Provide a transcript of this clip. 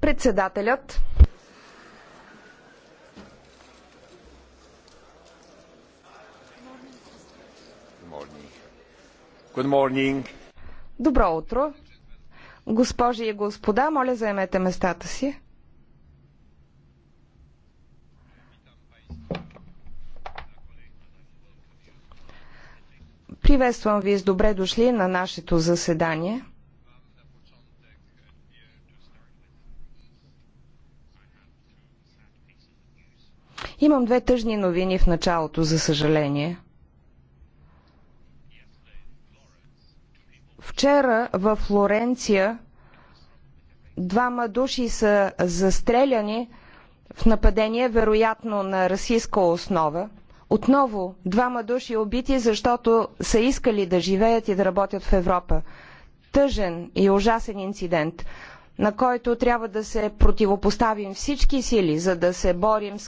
Председателят Добро утро! Госпожи и господа, моля заемете местата си. Приветствам ви с добре дошли на нашето заседание. Имам две тъжни новини в началото, за съжаление. Вчера в Флоренция двама души са застреляни в нападение, вероятно на расистска основа. Отново двама души убити, защото са искали да живеят и да работят в Европа. Тъжен и ужасен инцидент, на който трябва да се противопоставим всички сили, за да се борим с